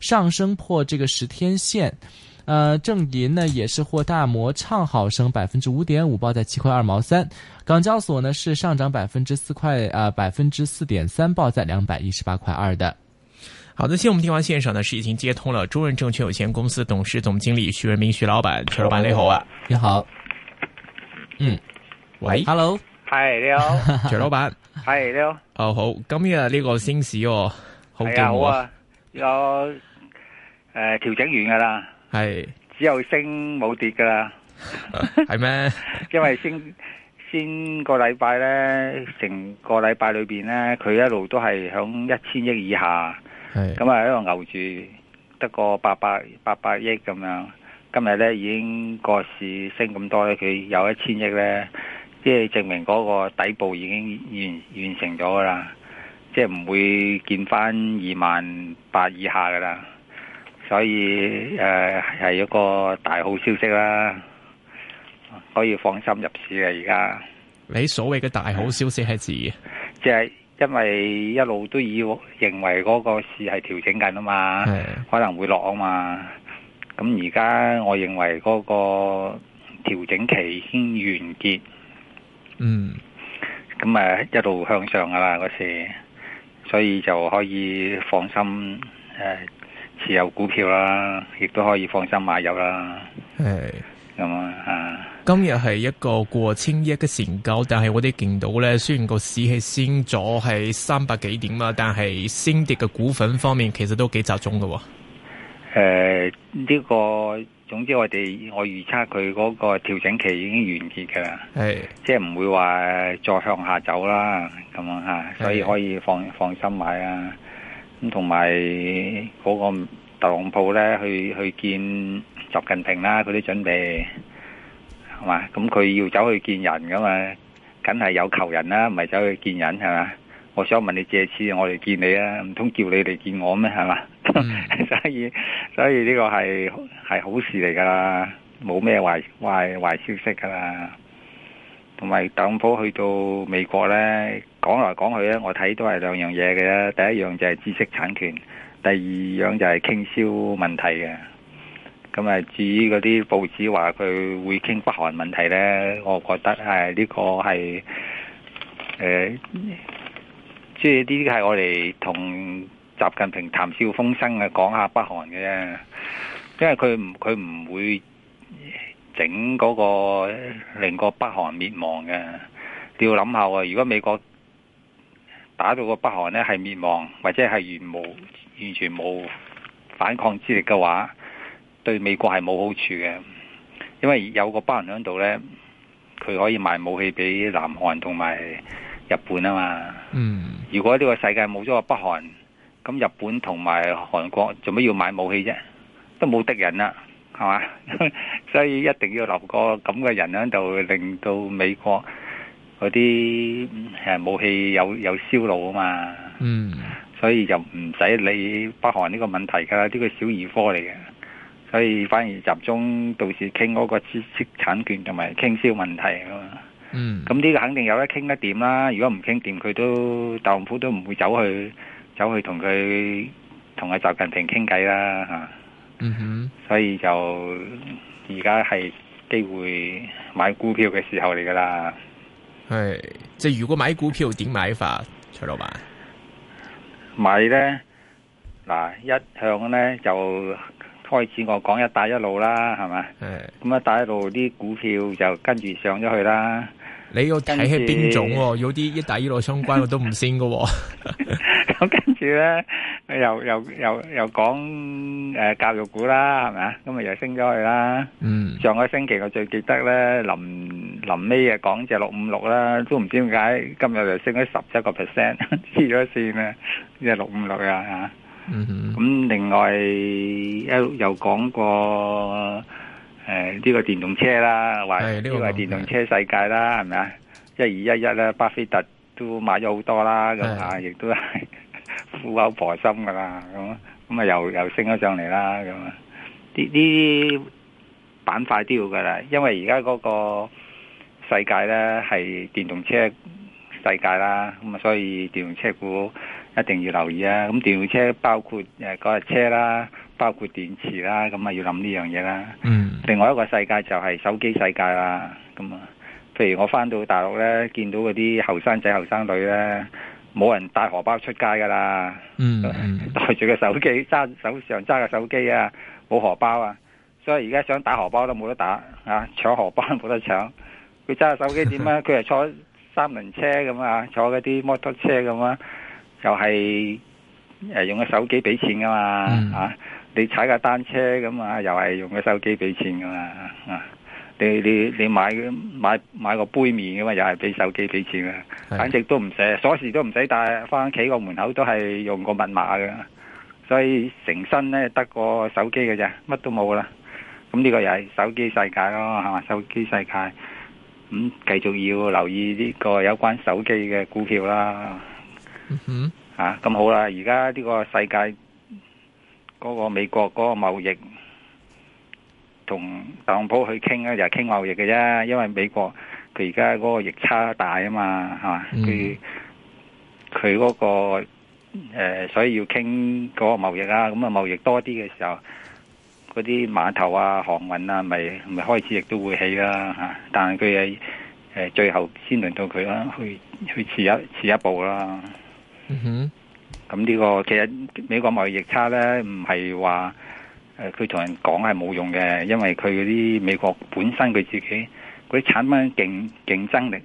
上升破這個十天線，呃，正銀呢也是獲大摩唱好，升百分之五點五，報在七塊二毛三。港交所呢是上漲百分之四塊，呃，百分之四點三，報在兩百一十八塊二的。好的，先我們電話線上呢是已經接通了中潤證券有限公司董事總經理徐潤民徐老闆，徐老闆你好啊，你好，嗯，喂，Hello，嗨，你好，徐老闆，嗨，你好，哦，好，今日呢個先市哦，好啊，啊。有，誒調整完噶啦，係，只有升冇跌噶啦，係咩？因為先先個禮拜咧，成個禮拜裏邊咧，佢一路都係響一千億以下，係咁啊喺度牛住，得個八百八百億咁樣。今日咧已經個市升咁多咧，佢有一千億咧，即係證明嗰個底部已經完完，完成咗噶啦。即係唔會見翻二萬八以下噶啦，所以誒係、呃、一個大好消息啦，可以放心入市嘅而家。你所謂嘅大好消息係指？即係因為一路都以認為嗰個市係調整緊啊嘛，係可能會落啊嘛。咁而家我認為嗰個調整期已經完結，嗯，咁啊一路向上噶啦嗰時。所以就可以放心誒持有股票啦，亦都可以放心買入啦。係咁啊！那今日係一個過千億嘅成交，但係我哋見到咧，雖然個市係升咗係三百幾點嘛，但係升跌嘅股份方面其實都幾集中㗎。誒，呢、呃這個總之我哋我預測佢嗰個調整期已經完結嘅，係是的 即係唔會話再向下走啦，咁樣吓，所以可以放放心買啊。咁同埋嗰個特朗普咧去去見習近平啦，佢啲準備係嘛，咁佢要走去見人噶嘛，梗係有求人啦，唔係走去見人係啦。我想問你借錢，我嚟見你啊，唔通叫你嚟見我咩？係嘛、mm hmm. 所以所以呢個係係好事嚟噶啦，冇咩壞壞壞消息噶啦。同埋特朗普去到美國呢，講來講去呢，我睇都係兩樣嘢嘅。第一樣就係知識產權，第二樣就係傾銷問題嘅。咁啊，至於嗰啲報紙話佢會傾北韓問題呢，我覺得係呢個係誒即係呢啲係我哋同習近平談笑風生嘅，講下北韓嘅啫。因為佢佢唔會整嗰個令個北韓滅亡嘅。你要諗下喎，如果美國打到個北韓呢係滅亡，或者係完無完全冇反抗之力嘅話，對美國係冇好處嘅。因為有個北韓喺度呢，佢可以賣武器俾南韓同埋，日本啊嘛，如果呢個世界冇咗個北韓，咁日本同埋韓國做乜要買武器啫？都冇敵人啦，係嘛？ 所以一定要留個咁嘅人喺度，令到美國嗰啲、嗯、武器有有銷路啊嘛。嗯，所以就唔使理北韓呢個問題噶，呢、這個小兒科嚟嘅。所以反而集中到時傾嗰個知識產權同埋傾銷問題啊嘛。嗯，咁呢個肯定有得傾得掂啦。如果唔傾掂，佢都特朗普都唔會走去走去同佢同阿習近平傾偈啦吓。嗯哼，所以就而家係機會買股票嘅時候嚟噶啦。係，即係如果買股票點買法，徐老闆買咧嗱，一向咧就開始我講一帶一路啦，係咪？咁啊一帶一路啲股票就跟住上咗去啦。你要睇係邊種？有啲一帶一路相關我都唔升噶。咁跟住咧，又又又又講誒教育股啦，係咪啊？今日又升咗去啦。嗯。上個星期我最記得咧，臨臨尾啊講隻六五六啦，都唔知點解今日又升咗十七個 percent，黐咗線啊！隻六五六啊。嗯。咁另外又又講過。誒，呢個電動車啦，或者呢個電動車世界啦，係咪啊？一二一一啦，巴菲特都買咗好多啦，咁啊的，亦都苦口婆心噶啦，咁咁啊，又又升咗上嚟啦，咁啊，呢啲板塊都要噶啦，因為而家嗰個世界咧係電動車世界啦，咁啊，所以電動車股一定要留意啊，咁電動車包括誒嗰日車啦。包括電池啦，咁啊要諗呢樣嘢啦。嗯，另外一個世界就係手機世界啦。咁啊，譬如我翻到大陸咧，見到嗰啲後生仔後生女咧，冇人帶荷包出街噶啦。嗯，帶住個手機揸手上揸個手機啊，冇荷包啊。所以而家想打荷包都冇得打啊，搶荷包冇得搶。佢揸個手機點啊？佢係 坐三輪車咁、就係嗯、啊，坐嗰啲摩托車咁啊，又係誒用個手機俾錢噶嘛啊！你踩架單車咁啊，又係用個手機俾錢噶嘛？啊，你你你買買買個杯麪咁啊，又係俾手機俾錢啊！反正的都唔使鎖匙都唔使帶，翻屋企個門口都係用個密碼嘅，所以成身咧得個手機嘅咋，乜都冇啦。咁呢個又係手機世界咯，係嘛？手機世界咁、嗯、繼續要留意呢個有關手機嘅股票啦。嗯哼啊，咁好啦，而家呢個世界。嗰個美國嗰個貿易同特朗普去傾咧，就係傾貿易嘅啫。因為美國佢而家嗰個逆差大啊嘛，係嘛，佢佢嗰個誒、呃，所以要傾嗰個貿易啦。咁啊，貿易多啲嘅時候，嗰啲碼頭啊、航運啊，咪咪開始亦都會起啦、啊。吓、啊，但係佢係誒，最後先輪到佢啦，去去遲一遲一步啦。嗯、哼。咁呢個其實美國貿易逆差咧，唔係話誒佢同人講係冇用嘅，因為佢嗰啲美國本身佢自己嗰啲產品競競爭力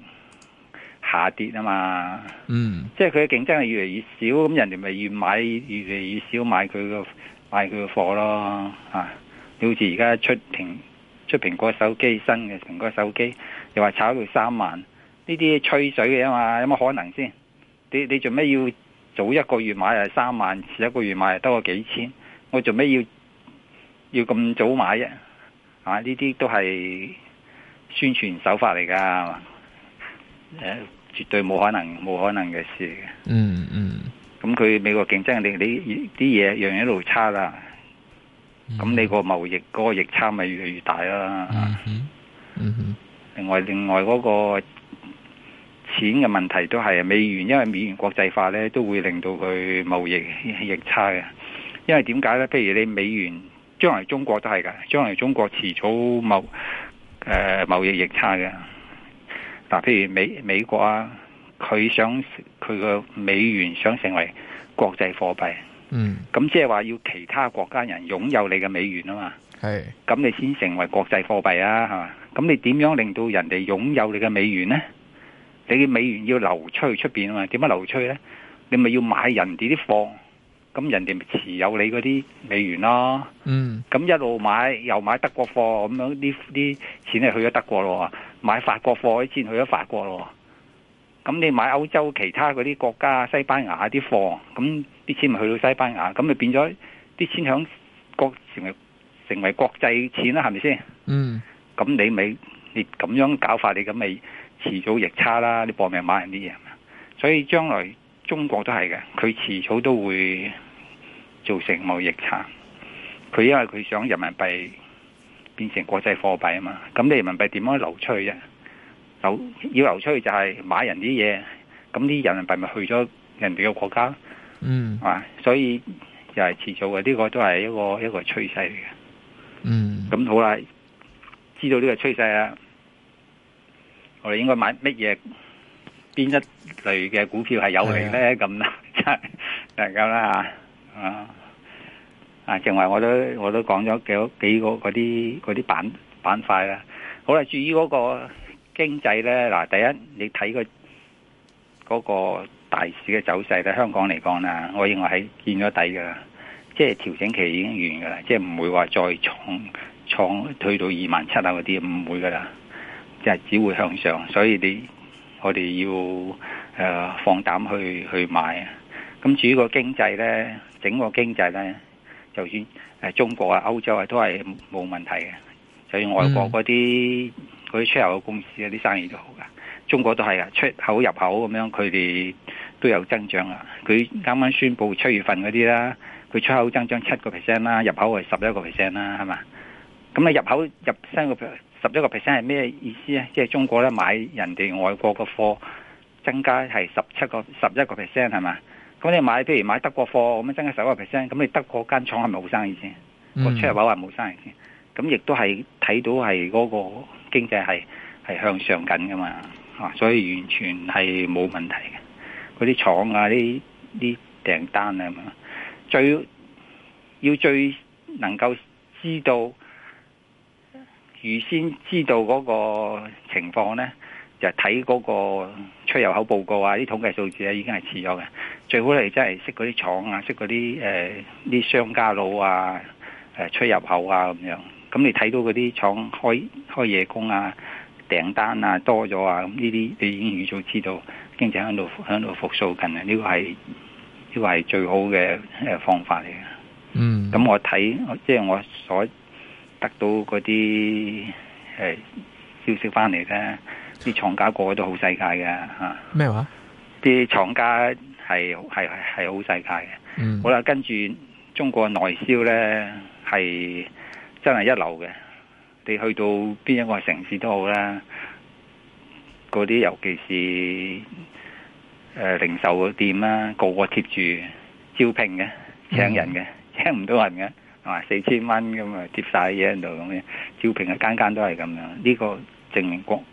下跌啊嘛，嗯，即係佢嘅競爭係越嚟越少，咁人哋咪越買越嚟越少買佢個買佢個貨咯啊。你好似而家出蘋出蘋果手機新嘅蘋果手機又話炒到三萬呢啲吹水嘅啊嘛，有乜可能先？你你做咩要？早一個月買係三萬，遲一個月買係得個幾千，我做咩要要咁早買啫？啊，呢啲都係宣傳手法嚟噶，誒、啊，絕對冇可能冇可能嘅事。嗯嗯，咁、嗯、佢、嗯、美國競爭力你你啲嘢樣樣都差啦，咁、嗯、你個貿易嗰個逆差咪越嚟越大啦、嗯嗯嗯。另外另外嗰個。錢嘅問題都係美元，因為美元國際化咧，都會令到佢貿易逆差嘅。因為點解呢？譬如你美元將來中國都係噶，將來中國遲早貿誒貿易逆、呃、差嘅。嗱、啊，譬如美美國啊，佢想佢個美元想成為國際貨幣，嗯，咁即係話要其他國家人擁有你嘅美元啊嘛，係咁是你先成為國際貨幣啊，吓，咁你點樣令到人哋擁有你嘅美元呢？你嘅美元要流出去出邊啊嘛，點樣流出去咧？你咪要買人哋啲貨，咁人哋咪持有你嗰啲美元咯。嗯，咁一路買又買德國貨，咁樣啲啲錢係去咗德國咯。買法國貨，啲錢去咗法國咯。咁你買歐洲其他嗰啲國家，西班牙啲貨，咁啲錢咪去到西班牙，咁你變咗啲錢響國成為成為國際錢啦，係咪先？嗯，咁你咪你咁樣搞法，你咁咪。遲早逆差啦，你搏命買人啲嘢，所以將來中國都係嘅，佢遲早都會造成貿易差。佢因為佢想人民幣變成國際貨幣啊嘛，咁你人民幣點樣流出去啫？流要流出去就係買人啲嘢，咁啲人民幣咪去咗人哋嘅國家，嗯，係嘛，所以又係遲早嘅，呢個都係一個一個趨勢嚟嘅。嗯，咁好啦，知道呢個趨勢喇。我哋應該買乜嘢？邊一類嘅股票係有利咧？咁啦的，大家啦嚇，啊啊！正話我都我都講咗幾多幾個嗰啲嗰啲板板塊啦。好啦，至於嗰個經濟咧，嗱，第一你睇個嗰個大市嘅走勢咧，香港嚟講啦，我認為係見咗底噶啦，即係調整期已經完噶啦，即係唔會話再創創退到二萬七啊，嗰啲唔會噶啦。即係只會向上，所以你我哋要誒、呃、放膽去去買啊！咁至於個經濟咧，整個經濟咧，就算中國啊、歐洲啊，都係冇問題嘅。就算外國嗰啲嗰啲出口嘅公司啲生意都好㗎。中國都係啊，出口入口咁樣，佢哋都有增長啊！佢啱啱宣布七月份嗰啲啦，佢出口增長七個 percent 啦，入口係十一個 percent 啦，係嘛？咁你入口入三個 percent。十一個 percent 係咩意思咧？即係中國咧，買人哋外國嘅貨，增加係十七個十一個 percent 係嘛？咁你買譬如買德國貨，咁樣增加十一個 percent，咁你德國間廠係咪好生意先？個出口話話冇生意先，咁亦都係睇到係嗰個經濟係係向上緊噶嘛？啊，所以完全係冇問題嘅。嗰啲廠啊，啲啲訂單啊，嘛，最要最能夠知道。預先知道嗰個情況咧，就睇嗰個出入口報告啊，啲統計數字咧、啊、已經係遲咗嘅。最好你真係識嗰啲廠啊，識嗰啲誒啲商家佬啊，誒、呃、出入口啊咁樣。咁你睇到嗰啲廠開開夜工啊、訂單啊多咗啊，咁呢啲你已經預早知道，經濟喺度喺度復甦緊啊！呢、呢個係呢、呢個係最好嘅誒方法嚟嘅。嗯。咁我睇，即、就、係、是、我所。得到嗰啲誒消息翻嚟咧，啲廠家個個都好世界嘅嚇。咩話？啲麼、啊、廠家係係係好世界嘅。嗯、好啦，跟住中國內銷咧係真係一流嘅。你去到邊一個城市都好啦，嗰啲尤其是、呃、零售店啦，個個貼住招聘嘅，請人嘅，嗯、請唔到人嘅。啊！四千蚊咁啊，接曬嘢喺度咁樣招聘啊，間間都係咁樣。呢個證明國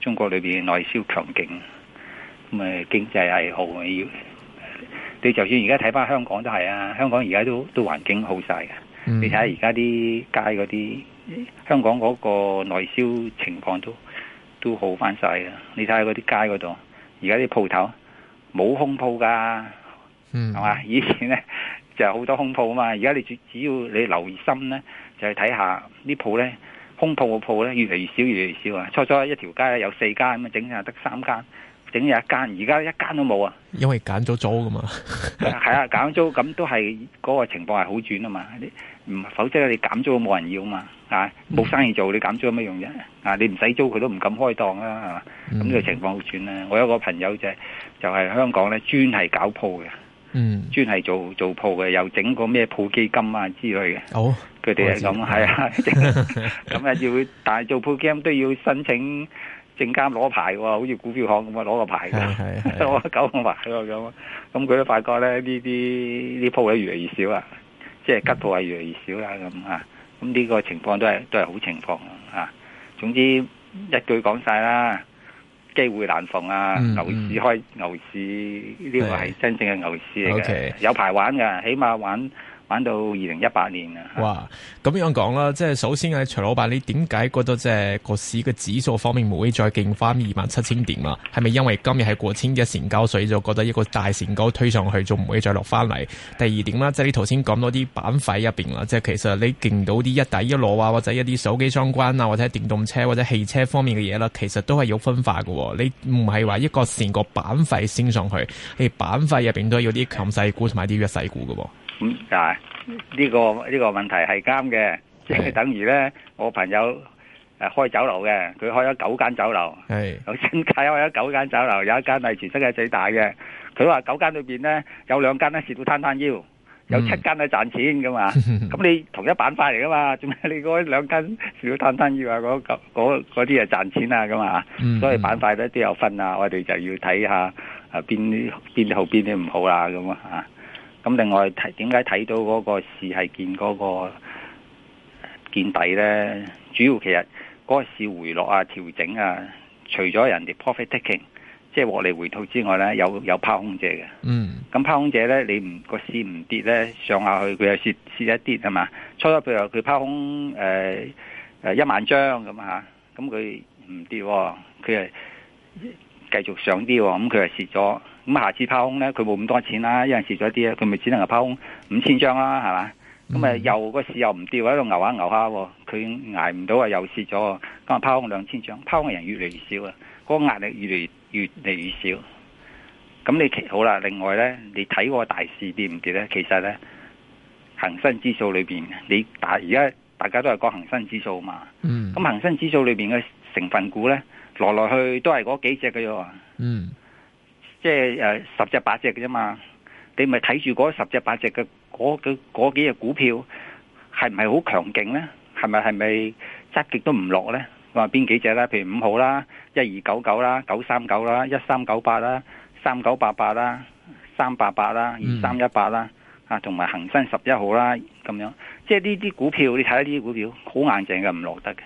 中國裏邊內銷強勁，咁啊經濟係好啊要。你就算而家睇翻香港都係啊，香港而家都都環境好曬嘅。你睇下而家啲街嗰啲，香港嗰個內銷情況都都好翻曬嘅。你睇下嗰啲街嗰度，而家啲鋪頭冇空鋪㗎，係嘛？以前咧～就係好多空鋪啊嘛！而家你只只要你留心咧，就係睇下啲鋪咧，空鋪嘅鋪咧越嚟越少越嚟越少啊！初初一條街咧有四間，咁啊整下得三間，整有一間，而家一間都冇啊！因為減咗租噶嘛，係啊減租咁都係嗰個情況係好轉啊嘛！你唔否則咧你減租都冇人要啊嘛，啊冇生意做你減租有咩用啫？啊你唔使租佢都唔敢開檔啦，係嘛？咁呢個情況好轉啦！我有個朋友就就係香港咧專係搞鋪嘅。嗯，專係做做鋪嘅，又整個咩鋪基金啊之類嘅。好、哦，佢哋係咁，係啊，咁啊要，但係做鋪基金都要申請證監攞牌嘅，好似股票行咁啊，攞個牌嘅，攞九號牌咯咁。咁佢的都發覺咧，呢啲呢鋪位越嚟越少啦，即係吉鋪係越嚟越少啦，咁啊、嗯，咁呢個情況都係都係好情況啊。總之一句講晒啦。機會難逢啊！嗯、牛市開，牛市呢個係真正嘅牛市嚟嘅，Okay. 有排玩噶，起碼玩。玩到二零一八年啊，哇，咁樣講啦，即係首先係徐老闆，你點解覺得即係個市嘅指數方面唔會再勁翻二萬七千點啦？係咪因為今日係過千嘅成交，所以就覺得一個大成交推上去，就唔會再落翻嚟？第二點啦，即係你頭先講多啲板塊入邊啦，即係其實你勁到啲一帶一路啊，或者一啲手機相關啊，或者電動車或者汽車方面嘅嘢啦，其實都係有分化喎。你唔係話一個成個板塊升上去，你板塊入邊都有啲強勢股同埋啲弱勢股喎。嗯，係呢個呢個問題係啱嘅，即係等於咧，我朋友誒開酒樓嘅，佢開咗九間酒樓，有先睇開咗九間酒樓，有一間係全世界最大嘅。佢話九間裏邊咧，有兩間咧蝕到攤攤腰，有七間咧賺錢噶嘛。咁你同一板塊嚟噶嘛？做咩你嗰兩間蝕到攤攤腰啊？嗰啲啊賺錢啊？咁啊，所以板塊咧都有分啊。我哋就要睇下啊邊啲好邊啲唔好啦，咁啊吓。咁另外點解睇到嗰個市係見嗰個見底咧？主要其實嗰個市回落啊、調整啊，除咗人哋 profit taking，即係獲利回吐之外咧，有有拋空者嘅。嗯。咁拋空者咧，你唔個市唔跌咧，上下去佢又蝕蝕一跌係嘛？初初譬如佢拋空誒、呃、一萬張咁嚇，咁佢唔跌，佢係繼續上啲喎，咁佢又蝕咗。咁下次拋空咧，佢冇咁多錢啦，因為一陣蝕咗啲咧，佢咪只能係拋空五千張啦，係嘛？咁啊、mm hmm.，又個市又唔跌喺度牛下牛下。佢捱唔到啊，又蝕咗，咁啊拋空兩千張，拋空嘅人越嚟越少啊，嗰個壓力越嚟越嚟越，越少。咁你好啦，另外咧，你睇個大市跌唔跌咧？其實咧，恒生指數裏邊，你大而家大家都係講恒生指數嘛。嗯、mm。咁恒生指數裏邊嘅成分股咧？來來去都係嗰幾隻嘅喎，嗯，即係誒、呃、十隻八隻嘅啫嘛，你咪睇住嗰十隻八隻嘅嗰嘅幾隻股票係唔係好強勁咧？係咪係咪質極都唔落咧？話邊幾隻咧？譬如五號啦、一二九九啦、九三九啦、一三九八啦、三九八八啦、三八八啦、二三一八啦，啊、嗯，同埋恒生十一號啦，咁樣，即係呢啲股票，你睇下呢啲股票好硬淨嘅，唔落得嘅，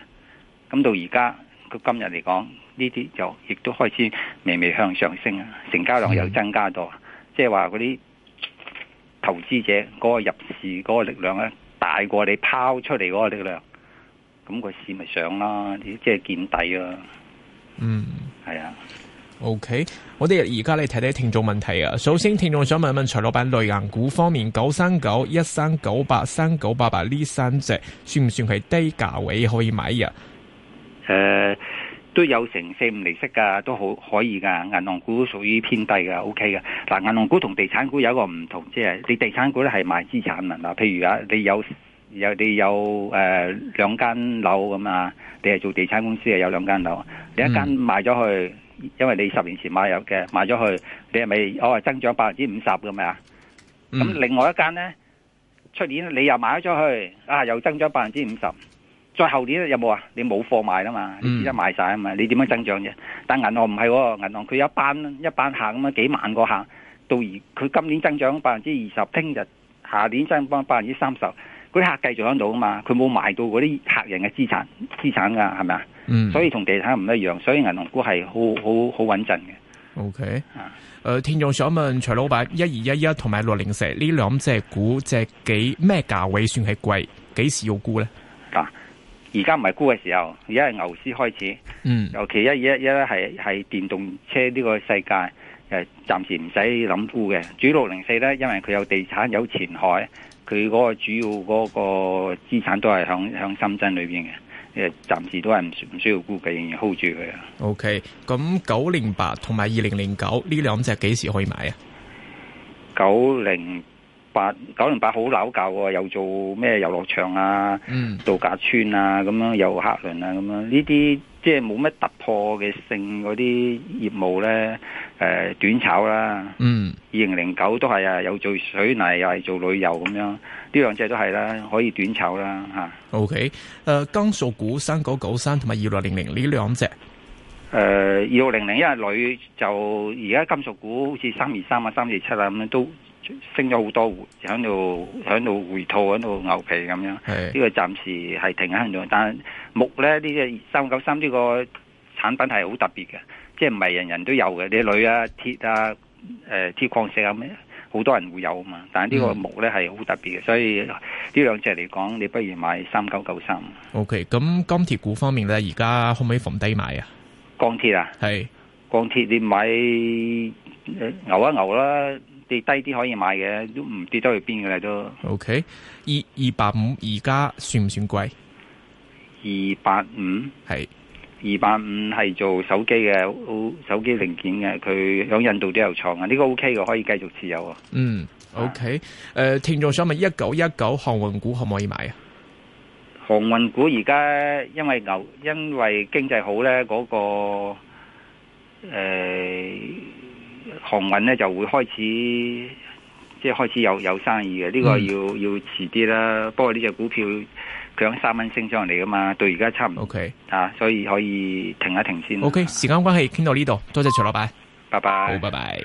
咁到而家。今日嚟講呢啲就亦都開始微微向上升啊，成交量又增加多，嗯、即係話嗰啲投資者嗰個入市嗰個力量咧大過你拋出嚟嗰個力量，咁、個市咪上啦，即係見底、嗯、啊！嗯，係啊。OK，我哋而家嚟睇睇聽眾問題啊。首先，聽眾想問一問徐老闆，內銀股方面，九三九、一三九八、三九八八呢三隻算唔算係低價位可以買啊？誒、呃，都有成四五厘息噶，都好可以噶。銀行股屬於偏低噶，O K 噶。嗱、OK，銀行股同地產股有一個唔同，即係你地產股咧係賣資產啊。譬如啊，你有有你有誒兩間樓咁啊，你係做地產公司啊有兩間樓，你一間賣咗去，嗯、因為你十年前買有嘅，賣咗去，你係咪我係增長百分之五十咁啊？咁、嗯、另外一間咧，出年你又買咗去，啊又增長百分之五十。再後年有冇啊？你冇貨賣啊嘛，你資金賣晒啊嘛，你點樣增長啫？嗯、但銀行唔係，銀行佢一班一班客咁樣，幾萬個客到而佢今年增長百分之二十，聽日下年增翻百分之三十，嗰啲客繼續喺度啊嘛，佢冇賣到嗰啲客人嘅資產資產噶係咪啊？嗯，所以同地產唔一樣，所以銀行股係好好好穩陣嘅。O K 啊，誒、okay, 呃，聽眾想問徐老闆，一二一一同埋六零四呢兩隻股隻幾咩價位算係貴？幾時要沽咧？而家唔係沽嘅時候，而家係牛市開始。嗯，尤其一一一係係電動車呢個世界，誒，暫時唔使諗沽嘅。主六零四咧，因為佢有地產有前海，佢嗰個主要嗰個資產都係向向深圳裏邊嘅，誒，暫時都係唔唔需要沽嘅，仍然 hold 住佢啊。OK，咁九零八同埋二零零九呢兩隻幾時可以買啊？九零。八九零八好老舊喎，又做咩遊樂場啊、度假村啊咁樣，又客輪啊咁樣，呢啲即係冇乜突破嘅性嗰啲業務咧，誒、呃，短炒啦。嗯，二零零九都係啊，又做水泥，又係做旅遊咁樣，呢兩隻都係啦、啊，可以短炒啦吓。OK，誒、呃，金屬股三九九三同埋二六零零呢兩隻，誒、呃，二六零零因為女就而家金屬股好似三二三啊、三二七啊咁樣都。升咗好多，喺度喺度回吐，喺度牛皮咁樣。呢是個暫時係停喺度，但係木咧呢隻三九三呢個產品係好特別嘅，即係唔係人人都有嘅，你鋁、啊、鐵啊、誒、呃、鐵礦石啊，咩好多人會有啊嘛。但係呢個木咧係好特別嘅，所以呢兩隻嚟講，你不如買三九九三。O K，咁鋼鐵股方面咧，而家可唔可以逢低買啊？鋼鐵啊，係是鋼鐵你買、呃、牛一牛啦。跌低啲可以買嘅，都唔跌到去邊嘅咧都。O K，二二八五而家算唔算貴？二八五係二八五係做手機嘅，O 手機零件嘅，佢響印度都有廠啊，呢個 O K 嘅，可以繼續持有啊。嗯，O K。誒，聽眾想問一九一九航運股可唔可以買啊？航運股而家因為牛，因為經濟好咧，嗰個誒。航運咧就會開始，即係開始有有生意嘅，呢個要要遲啲啦。不過呢隻股票佢響三蚊升上嚟噶嘛，到而家差唔多。OK，啊，所以可以停一停先。OK，時間關係傾到呢度，多謝徐老闆，拜拜，好，拜拜。